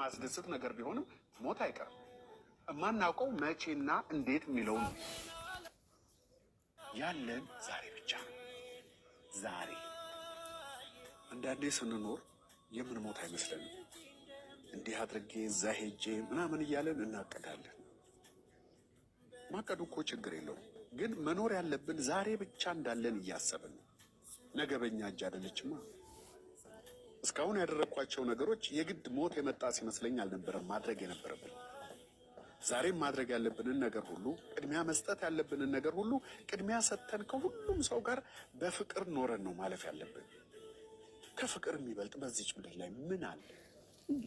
ማስደስት ነገር ቢሆንም ሞት አይቀርም። የማናውቀው መቼና እንዴት የሚለው ነው ያለን ዛሬ ብቻ። ዛሬ አንዳንዴ ስንኖር የምንሞት አይመስለንም። እንዲህ አድርጌ እዛ ሄጄ ምናምን እያለን እናቀዳለን። ማቀዱ እኮ ችግር የለውም፣ ግን መኖር ያለብን ዛሬ ብቻ እንዳለን እያሰብን ነገበኛ እጅ አይደለችማ። እስካሁን ያደረግኳቸው ነገሮች የግድ ሞት የመጣ ሲመስለኝ አልነበረም ማድረግ የነበረብን። ዛሬም ማድረግ ያለብንን ነገር ሁሉ ቅድሚያ መስጠት ያለብንን ነገር ሁሉ ቅድሚያ ሰጥተን ከሁሉም ሰው ጋር በፍቅር ኖረን ነው ማለፍ ያለብን። ከፍቅር የሚበልጥ በዚች ምድር ላይ ምን አለ?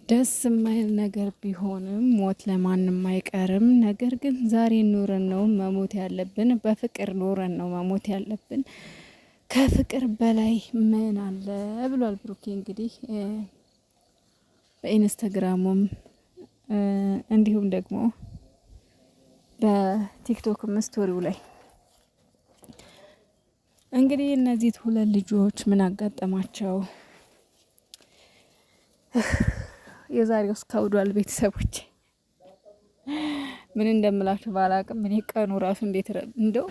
ደስ የማይል ነገር ቢሆንም ሞት ለማንም አይቀርም። ነገር ግን ዛሬ ኖረን ነው መሞት ያለብን፣ በፍቅር ኖረን ነው መሞት ያለብን። ከፍቅር በላይ ምን አለ ብሏል ብሩኬ። እንግዲህ በኢንስታግራሙም እንዲሁም ደግሞ በቲክቶክም ስቶሪው ላይ እንግዲህ እነዚህ ሁለት ልጆች ምን አጋጠማቸው? የዛሬው እስካውዷል። ቤተሰቦች ምን እንደምላችሁ ባላቅም እኔ ቀኑ ራሱ እንዴት እንደው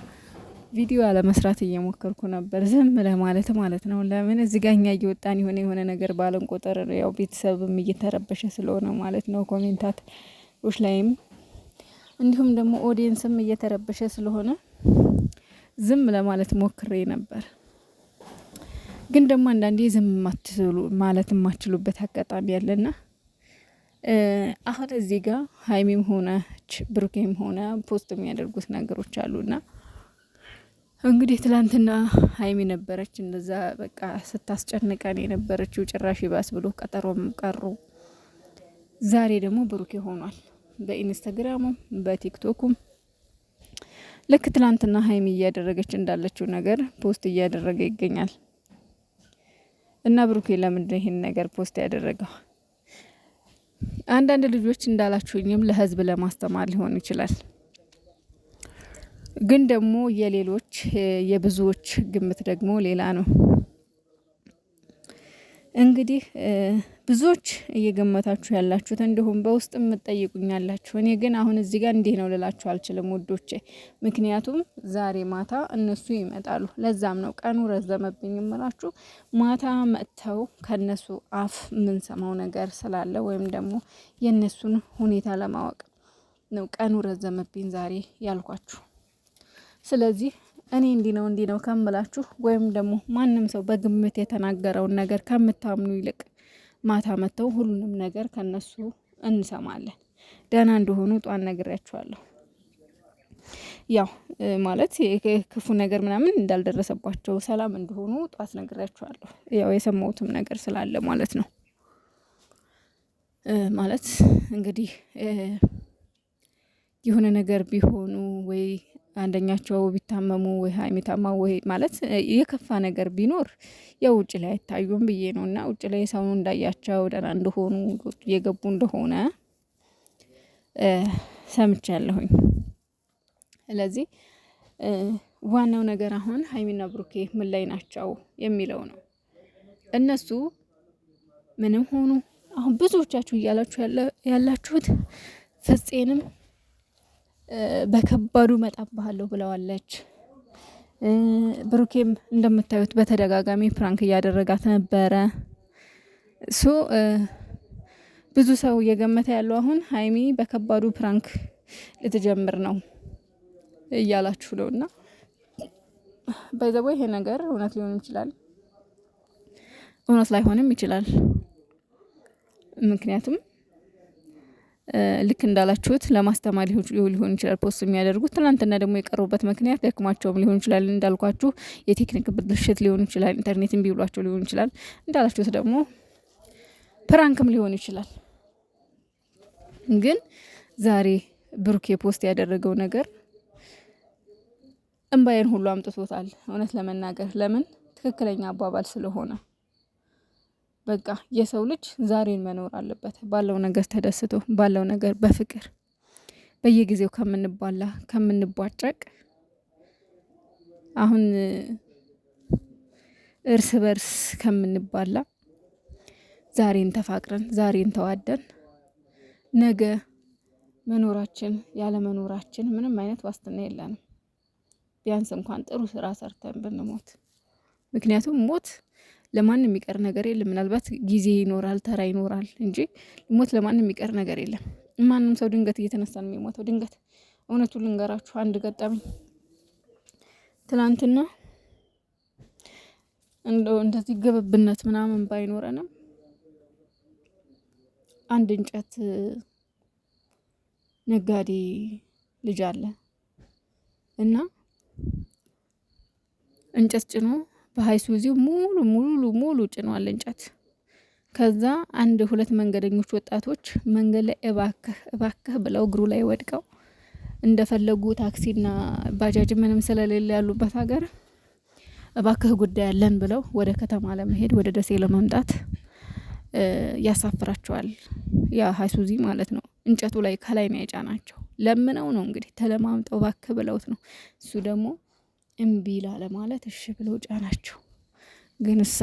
ቪዲዮ አለመስራት እየሞከርኩ ነበር፣ ዝም ለማለት ማለት ነው። ለምን እዚህ ጋኛ እየወጣን የሆነ የሆነ ነገር ባለን ቁጥር ያው ቤተሰብም እየተረበሸ ስለሆነ ማለት ነው። ኮሜንታቶች ላይም እንዲሁም ደግሞ ኦዲየንስም እየተረበሸ ስለሆነ ዝም ለማለት ሞክሬ ነበር። ግን ደግሞ አንዳንዴ ዝም ማትሉ ማለት የማትችሉበት አጋጣሚ ያለና አሁን እዚህ ጋር ሀይሚም ሆነች ብሩኬም ሆነ ፖስት የሚያደርጉት ነገሮች አሉና እንግዲህ ትላንትና ሀይሚ ነበረች እንደዛ በቃ ስታስጨንቀን የነበረችው ጭራሽ ባስ ብሎ ቀጠሮም ቀሩ። ዛሬ ደግሞ ብሩኬ ሆኗል። በኢንስታግራሙም በቲክቶኩም ልክ ትላንትና ሀይሚ እያደረገች እንዳለችው ነገር ፖስት እያደረገ ይገኛል። እና ብሩኬ ለምንድን ይህን ነገር ፖስት ያደረገው? አንዳንድ ልጆች እንዳላችሁኝም ለህዝብ ለማስተማር ሊሆን ይችላል ግን ደግሞ የሌሎች የብዙዎች ግምት ደግሞ ሌላ ነው። እንግዲህ ብዙዎች እየገመታችሁ ያላችሁት እንዲሁም በውስጥ ያላችሁ፣ እኔ ግን አሁን እዚህ ጋር እንዲህ ነው ልላችሁ አልችልም ውዶቼ። ምክንያቱም ዛሬ ማታ እነሱ ይመጣሉ። ለዛም ነው ቀኑ ረዘመብኝ ምላችሁ ማታ መጥተው ከነሱ አፍ የምንሰማው ነገር ስላለ ወይም ደግሞ የእነሱን ሁኔታ ለማወቅ ነው ቀኑ ረዘመብኝ ዛሬ ያልኳችሁ። ስለዚህ እኔ እንዲህ ነው እንዲህ ነው ከምላችሁ ወይም ደግሞ ማንም ሰው በግምት የተናገረውን ነገር ከምታምኑ ይልቅ ማታ መጥተው ሁሉንም ነገር ከነሱ እንሰማለን። ደህና እንደሆኑ ጧን ነግሬያችኋለሁ። ያው ማለት ክፉ ነገር ምናምን እንዳልደረሰባቸው ሰላም እንደሆኑ ጧት ነግሬያችኋለሁ። ያው የሰማሁትም ነገር ስላለ ማለት ነው። ማለት እንግዲህ የሆነ ነገር ቢሆኑ ወይ አንደኛቸው ቢታመሙ ወይ ወይ ማለት የከፋ ነገር ቢኖር ያው ውጭ ላይ አይታዩም ብዬ ነው። እና ውጭ ላይ ሰው እንዳያቸው ደህና እንደሆኑ እየገቡ እንደሆነ ሰምቻለሁኝ። ስለዚህ ዋናው ነገር አሁን ሀይሚና ብሩኬ ምን ላይ ናቸው የሚለው ነው። እነሱ ምንም ሆኑ አሁን ብዙዎቻችሁ እያላችሁ ያላችሁት ፍጼንም በከባዱ መጣብሃለሁ ብለዋለች። ብሩኬም እንደምታዩት በተደጋጋሚ ፕራንክ እያደረጋት ነበረ። ሶ ብዙ ሰው እየገመተ ያለው አሁን ሀይሚ በከባዱ ፕራንክ ልትጀምር ነው እያላችሁ ነው። እና በዘቦ ይሄ ነገር እውነት ሊሆን ይችላል፣ እውነት ላይሆንም ይችላል። ምክንያቱም ልክ እንዳላችሁት ለማስተማር ሊሆን ይችላል ፖስት የሚያደርጉት። ትናንትና ደግሞ የቀሩበት ምክንያት ደክሟቸውም ሊሆን ይችላል እንዳልኳችሁ፣ የቴክኒክ ብልሽት ሊሆን ይችላል፣ ኢንተርኔት እምቢ ብሏቸው ሊሆን ይችላል። እንዳላችሁት ደግሞ ፕራንክም ሊሆን ይችላል። ግን ዛሬ ብሩኬ ፖስት ያደረገው ነገር እምባዬን ሁሉ አምጥቶታል፣ እውነት ለመናገር ለምን ትክክለኛ አባባል ስለሆነ በቃ የሰው ልጅ ዛሬን መኖር አለበት። ባለው ነገር ተደስቶ ባለው ነገር በፍቅር በየጊዜው ከምንባላ ከምንቧጨቅ አሁን እርስ በርስ ከምንባላ ዛሬን ተፋቅረን ዛሬን ተዋደን ነገ መኖራችን ያለ መኖራችን ምንም አይነት ዋስትና የለንም። ቢያንስ እንኳን ጥሩ ስራ ሰርተን ብንሞት ምክንያቱም ሞት ለማንም የሚቀር ነገር የለም። ምናልባት ጊዜ ይኖራል፣ ተራ ይኖራል እንጂ ሞት ለማንም የሚቀር ነገር የለም። ማንም ሰው ድንገት እየተነሳ ነው የሚሞተው። ድንገት እውነቱን ልንገራችሁ አንድ ገጠመኝ ትላንትና እንደው እንደዚህ ግብብነት ምናምን ባይኖረንም አንድ እንጨት ነጋዴ ልጅ አለ እና እንጨት ጭኖ በሀይሱዚ ሙሉ ሙሉ ሙሉ ጭኗል እንጨት። ከዛ አንድ ሁለት መንገደኞች ወጣቶች መንገድ ላይ እባክህ እባክህ ብለው እግሩ ላይ ወድቀው እንደፈለጉ ታክሲና ባጃጅ ምንም ስለሌለ ያሉበት ሀገር እባክህ ጉዳይ አለን ብለው ወደ ከተማ ለመሄድ ወደ ደሴ ለመምጣት ያሳፍራቸዋል። ያ ሀይሱዚ ማለት ነው። እንጨቱ ላይ ከላይ ነው የጫናቸው። ለምነው ነው እንግዲህ ተለማምጠው እባክህ ብለውት ነው እሱ ደግሞ እምቢ ላለ ማለት እሺ ብሎ ጫናቸው። ግን እሳ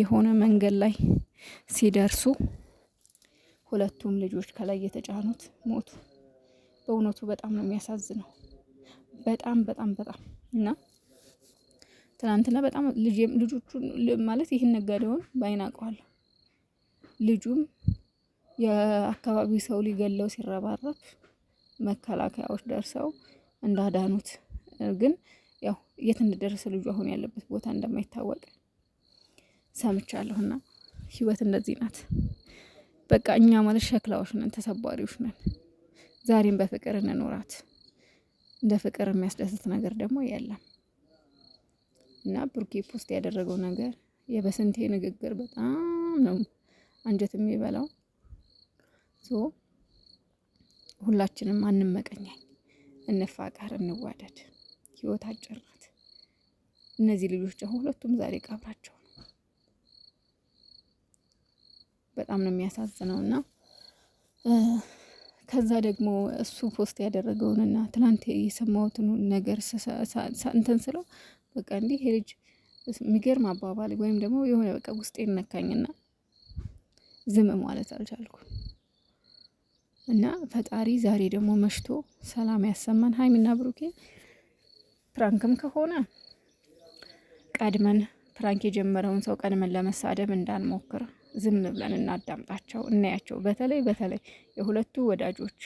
የሆነ መንገድ ላይ ሲደርሱ ሁለቱም ልጆች ከላይ የተጫኑት ሞቱ። በእውነቱ በጣም ነው የሚያሳዝነው። በጣም በጣም በጣም እና ትናንትና በጣም ልጆቹ ማለት ይህን ነጋዴውን ባይን አውቀዋለሁ። ልጁም የአካባቢው ሰው ሊገለው ሲረባረፍ መከላከያዎች ደርሰው እንዳዳኑት ግን ያው የት እንደደረሰ ልጁ አሁን ያለበት ቦታ እንደማይታወቅ ሰምቻለሁና ህይወት እንደዚህ ናት። በቃ እኛ ማለት ሸክላዎች ነን፣ ተሰባሪዎች ነን። ዛሬም በፍቅር እንኖራት። እንደ ፍቅር የሚያስደስት ነገር ደግሞ የለም እና ብሩኬ ፖስት ያደረገው ነገር የበስንቴ ንግግር በጣም ነው አንጀት የሚበላው። ሁላችንም አንመቀኛኝ፣ እንፋቀር፣ እንዋደድ። ህይወት አጭር ናት። እነዚህ ልጆች አሁን ሁለቱም ዛሬ ቀብራቸው ነው። በጣም ነው የሚያሳዝነው እና ከዛ ደግሞ እሱ ፖስት ያደረገውንና ትናንት የሰማሁትን ነገር እንትን ስለው በቃ እንዲህ ልጅ የሚገርም አባባል ወይም ደግሞ የሆነ በቃ ውስጤ ነካኝና ዝም ማለት አልቻልኩ እና ፈጣሪ ዛሬ ደግሞ መሽቶ ሰላም ያሰማን። ሀይሚና ብሩኬ ፕራንክም ከሆነ ቀድመን ፕራንክ የጀመረውን ሰው ቀድመን ለመሳደብ እንዳንሞክር ዝም ብለን እናዳምጣቸው፣ እናያቸው። በተለይ በተለይ የሁለቱ ወዳጆች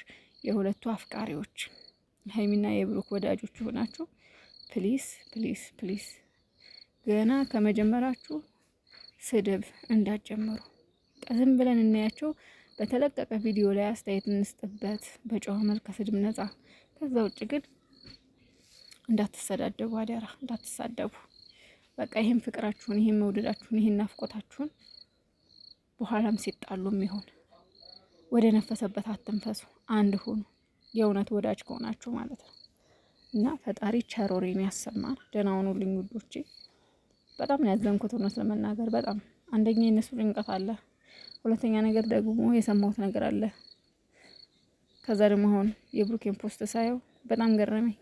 የሁለቱ አፍቃሪዎች ሀይሚና የብሩክ ወዳጆች ሆናችሁ ፕሊስ ፕሊስ ፕሊስ ገና ከመጀመራችሁ ስድብ እንዳትጀምሩ። ዝም ብለን እናያቸው። በተለቀቀ ቪዲዮ ላይ አስተያየት እንስጥበት፣ በጨዋ መልክ ከስድብ ነጻ። ከዛ ውጭ ግን እንዳትሰዳደቡ አደራ፣ እንዳትሳደቡ። በቃ ይህን ፍቅራችሁን፣ ይህን መውደዳችሁን፣ ይህን ናፍቆታችሁን በኋላም ሲጣሉ የሚሆን ወደ ነፈሰበት አትንፈሱ፣ አንድ ሁኑ። የእውነት ወዳጅ ከሆናችሁ ማለት ነው። እና ፈጣሪ ቸሮሬን ያሰማል። ደህና ልኝ ውዶቼ። በጣም ያዘንኩት እውነት ለመናገር በጣም አንደኛ የእነሱ ጭንቀት አለ፣ ሁለተኛ ነገር ደግሞ የሰማሁት ነገር አለ። ከዛ ደግሞ አሁን የብሩኬን ፖስት ሳየው በጣም ገረመኝ።